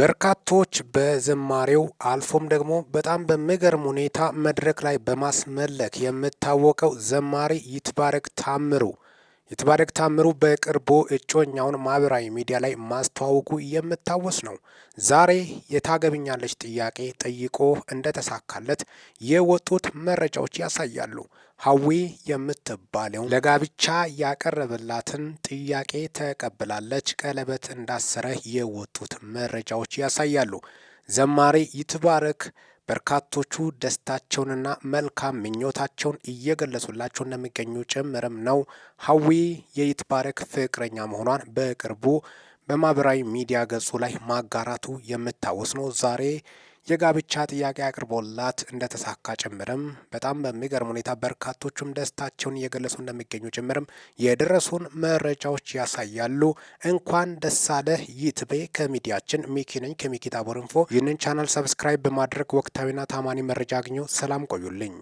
በርካቶች በዝማሬው አልፎም ደግሞ በጣም በሚገርም ሁኔታ መድረክ ላይ በማስመለክ የምታወቀው ዘማሪ ይትባረክ ታምሩ የተባረክ ታምሩ በቅርቡ እጮኛውን ማህበራዊ ሚዲያ ላይ ማስተዋወቁ የምታወስ ነው። ዛሬ የታገብኛለች ጥያቄ ጠይቆ እንደተሳካለት የወጡት መረጃዎች ያሳያሉ። ሀዊ የምትባለው ለጋብቻ ያቀረበላትን ጥያቄ ተቀብላለች። ቀለበት እንዳሰረ የወጡት መረጃዎች ያሳያሉ። ዘማሪ ይትባረክ በርካቶቹ ደስታቸውንና መልካም ምኞታቸውን እየገለጹላቸው እንደሚገኙ ጭምርም ነው። ሀዊ የይትባረክ ፍቅረኛ መሆኗን በቅርቡ በማህበራዊ ሚዲያ ገጹ ላይ ማጋራቱ የምታወስ ነው። ዛሬ የጋብቻ ጥያቄ አቅርቦላት እንደተሳካ ጭምርም በጣም በሚገርም ሁኔታ በርካቶቹም ደስታቸውን እየገለጹ እንደሚገኙ ጭምርም የደረሱን መረጃዎች ያሳያሉ። እንኳን ደሳለህ ይትቤ ከሚዲያችን ሚኪ ነኝ ከሚኪ ታቦር ኢንፎ። ይህንን ቻናል ሰብስክራይብ በማድረግ ወቅታዊና ታማኒ መረጃ አግኘው። ሰላም ቆዩልኝ።